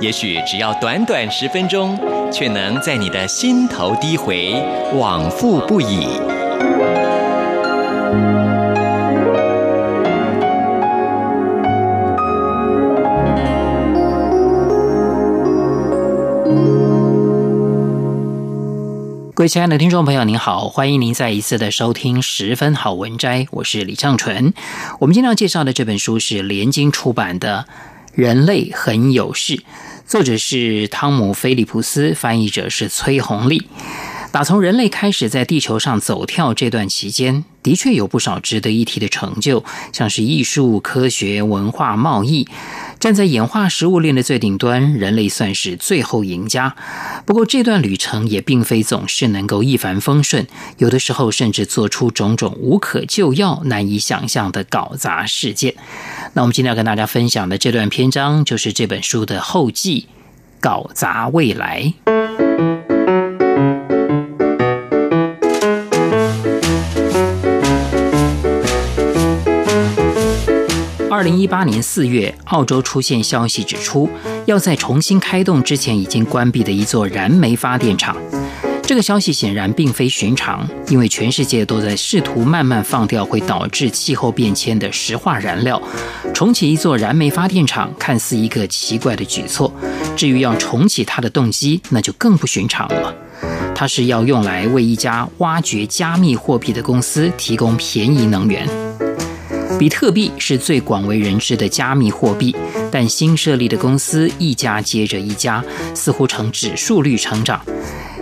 也許只要短短十分鐘，卻能在你的心頭低回，往復不已。各位親愛的聽眾朋友，您好，歡迎您再一次的收聽《十分好文摘》，我是李尚純。我們今天要介紹的這本書是聯經出版的。人類很有事。作者是湯姆·菲利普斯，翻譯者是崔宏立。打從人類開始在地球上走跳這段期間，的確有不少值得一提的成就，像是藝術、科學、文化、貿易。站在演化食物鏈的最頂端，人類算是最後贏家。不過，這段旅程也並非總是能夠一帆風順，有的時候甚至做出種種無可救藥、難以想象的搞砸事件。那我們今天要跟大家分享的這段篇章，就是這本書的後記——《搞砸未來》。二零一八年四月，澳洲出現消息指出，要再重新開動之前已經關閉的一座燃煤發電廠。這個消息顯然並非尋常，因為全世界都在試圖慢慢放掉會導致氣候變遷的石化燃料。重啟一座燃煤發電廠，看似一個奇怪的舉措。至於要重啟它的動機，那就更不尋常了。它是要用來為一家挖掘加密貨幣的公司提供便宜能源。比特幣是最廣為人知的加密貨幣，但新設立的公司一家接着一家，似乎呈指數率成長。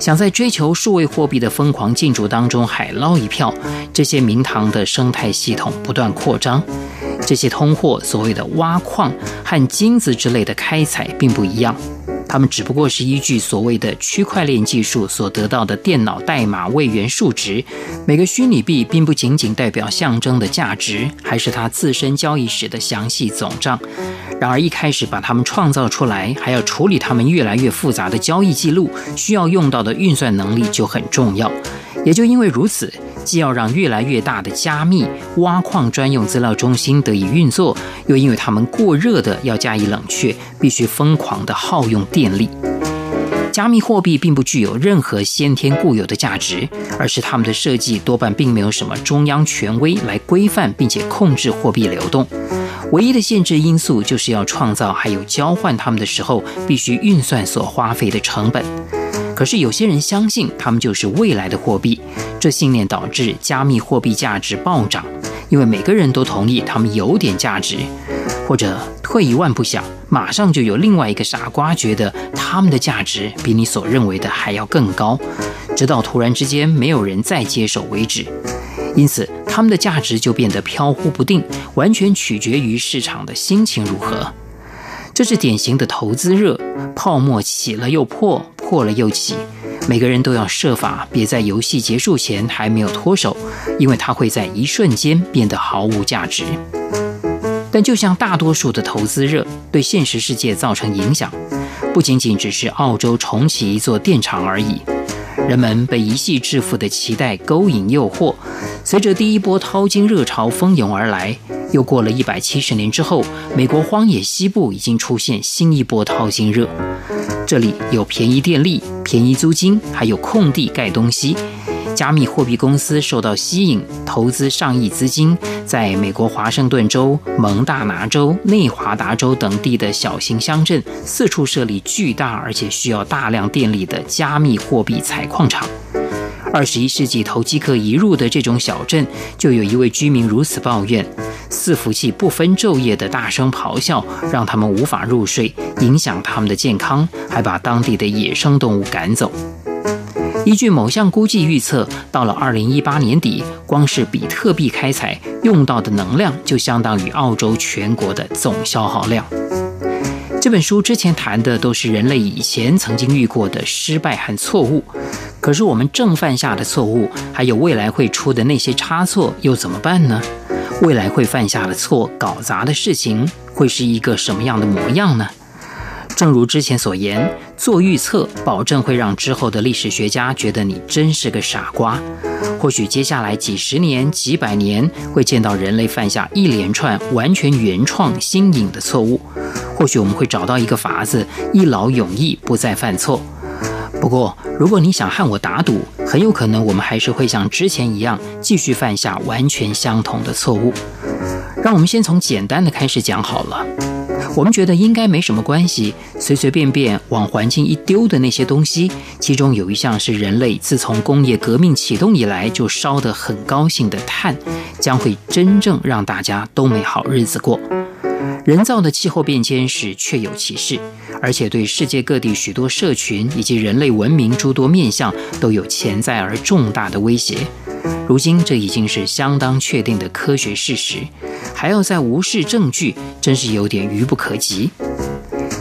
想在追求數位貨幣的瘋狂進駐當中海撈一票，這些名堂的生態系統不斷擴張。這些通貨所謂的挖礦和金子之類的開採並不一樣。他們只不過是依據所謂的區塊鏈技術所得到的電腦代碼位元數值。每個虛擬幣並不僅僅代表象徵的價值，還是它自身交易時的詳細總賬。然而，一開始把它們創造出來，還要處理它們越來越複雜的交易記錄，需要用到的運算能力就很重要。也就因為如此，既要讓越來越大的加密挖礦專用資料中心得以運作，又因為它們過熱的要加以冷卻，必須瘋狂地耗用電力。加密貨幣並不具有任何先天固有的價值，而是他們的設計多半並沒有什麼中央權威來規範並且控制貨幣流動。唯一的限制因素就是要創造還有交換它們的時候必須運算所花費的成本。可是有些人相信，他們就是未來的貨幣，這信念導致加密貨幣價值暴漲，因為每個人都同意他們有點價值。或者退一萬步想，馬上就有另外一個傻瓜覺得他們的價值比你所認為的還要更高，直到突然之間沒有人再接手為止。因此，他們的價值就變得飄忽不定，完全取決於市場的心情如何。這是典型的投資熱，泡沫起了又破。過了又起，每個人都要設法別在遊戲結束前還沒有脫手，因為它會在一瞬間變得毫無價值。但就像大多數的投資熱對現實世界造成影響，不僅僅只是澳洲重啟一座電廠而已。人們被一夕致富的期待勾引誘惑，隨着第一波淘金熱潮蜂擁而來。又過了一百七十年之後，美國荒野西部已經出現新一波淘金熱。這裡有便宜電力、便宜租金，還有空地蓋東西。加密貨幣公司受到吸引，投資上億資金，在美國華盛頓州、蒙大拿州、內華達州等地的小型鄉鎮，四處設立巨大而且需要大量電力的加密貨幣採礦場。二十一世紀投機客一入的這種小鎮，就有一位居民如此抱怨：伺服器不分晝夜地大聲咆哮，讓他們無法入睡，影響他們的健康，還把當地的野生動物趕走。依據某項估計預測，到了二零一八年底，光是比特幣開採用到的能量，就相當於澳洲全國的總消耗量。這本書之前談的都是人類以前曾經遇過的失敗和錯誤，可是我們正犯下的錯誤，還有未來會出的那些差錯又怎麼辦呢？未來會犯下的錯，搞砸的事情，會是一個什麼樣的模樣呢？正如之前所言。做預測，保證會讓之後的歷史學家覺得你真是個傻瓜。或許接下來幾十年、幾百年會見到人類犯下一連串完全原創新穎的錯誤。或許我們會找到一個法子，一勞永逸，不再犯錯。不過，如果你想和我打賭，很有可能我們還是會像之前一樣，繼續犯下完全相同的錯誤。讓我們先從簡單的開始講好了。我們覺得應該沒什麼關係，隨隨便便往環境一丟的那些東西，其中有一項是人類自從工業革命啟動以來就燒得很高興的碳，將會真正讓大家都沒好日子過。人造的氣候變遷是確有其事，而且對世界各地許多社群以及人類文明諸多面向都有潛在而重大的威脅。如今這已經是相當確定的科學事實，還要再無視證據，真是有點愚不可及。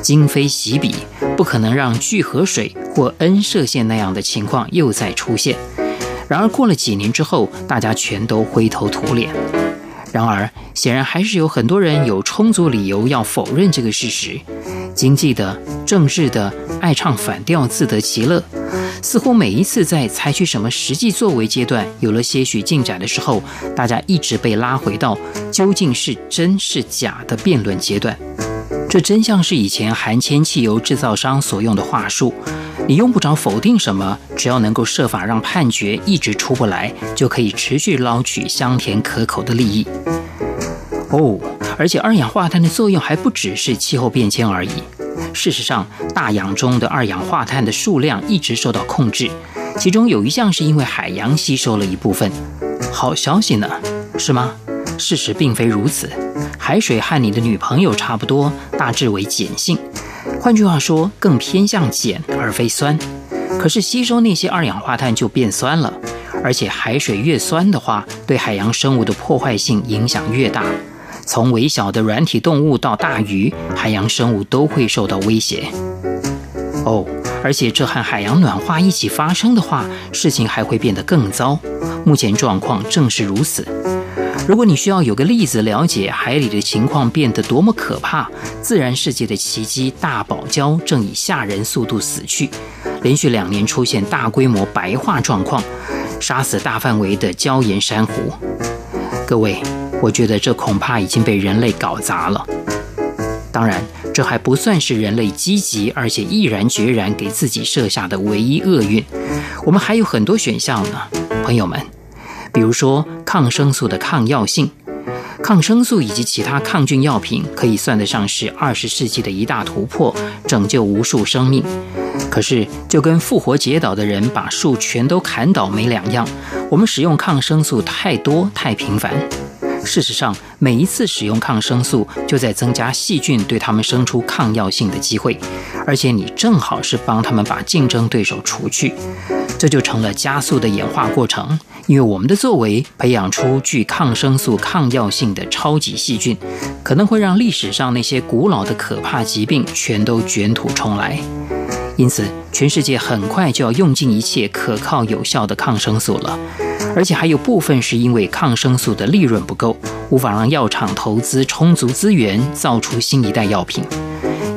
今非昔比，不可能讓聚合水或 N 射線那樣的情況又再出現。然而過了幾年之後，大家全都灰頭土臉。然而，顯然還是有很多人有充足理由要否認這個事實，經濟的、政治的，愛唱反調自得其樂。似乎每一次在採取什麼實際作為階段有了些許進展的時候，大家一直被拉回到究竟是真是假的辯論階段。這真像是以前含鉛汽油制造商所用的話術。你用不着否定什麼，只要能夠設法讓判決一直出不來，就可以持續撈取香甜可口的利益。哦，而且二氧化碳的作用還不只是氣候變遷而已。事實上，大洋中的二氧化碳的數量一直受到控制，其中有一項是因為海洋吸收了一部分。好消息呢？是嗎？事實並非如此。海水和你的女朋友差不多，大致為鹼性。換句話說，更偏向鹼而非酸。可是吸收那些二氧化碳就變酸了，而且海水越酸的話，對海洋生物的破壞性影響越大。從微小的軟體動物到大魚，海洋生物都會受到威脅。哦，而且這和海洋暖化一起發生的話，事情還會變得更糟。目前狀況正是如此。如果你需要有個例子了解海裡的情況變得多麼可怕，自然世界的奇蹟大堡礁正以嚇人速度死去，連續兩年出現大規模白化狀況，殺死大範圍的礁岩珊瑚。各位，我覺得這恐怕已經被人類搞砸了。當然，這還不算是人類積極而且毅然決然給自己設下的唯一厄運，我們還有很多選項呢，朋友們。比如說，抗生素的抗藥性。抗生素以及其他抗菌藥品可以算得上是二十世紀的一大突破，拯救無數生命。可是，就跟復活節島的人把樹全都砍倒沒兩樣，我們使用抗生素太多，太頻繁。事實上，每一次使用抗生素，就在增加細菌對它們生出抗藥性的機會。而且，你正好是幫它們把競爭對手除去，這就成了加速的演化過程。因為我們的作為培養出具抗生素抗藥性的超級細菌，可能會讓歷史上那些古老的可怕疾病全都捲土重來。因此，全世界很快就要用盡一切可靠有效的抗生素了，而且還有部分是因為抗生素的利潤不夠，無法讓藥廠投資充足資源造出新一代藥品。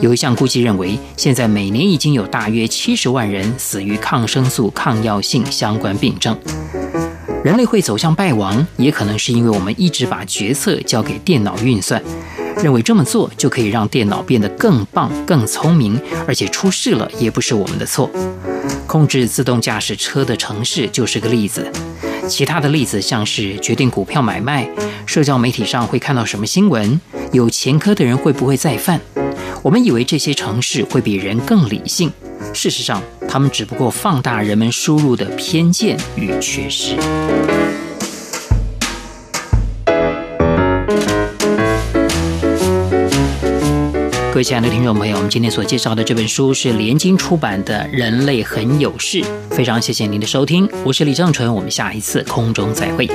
有一項估計認為，現在每年已經有大約七十萬人死於抗生素抗藥性相關病症。人類會走向敗亡，也可能是因為我們一直把決策交給電腦運算。認為這麼做就可以讓電腦變得更棒、更聰明，而且出事了也不是我們的錯。控制自動駕駛車的程式就是個例子，其他的例子像是決定股票買賣、社交媒體上會看到什麼新聞、有前科的人會不會再犯。我們以為這些程式會比人更理性，事實上，他們只不過放大人們輸入的偏見與缺失。各位親愛的聽眾朋友，我們今天所介紹的這本書是連經出版的《人類很有事。非常謝謝您的收聽，我是李正淳，我們下一次空中再會。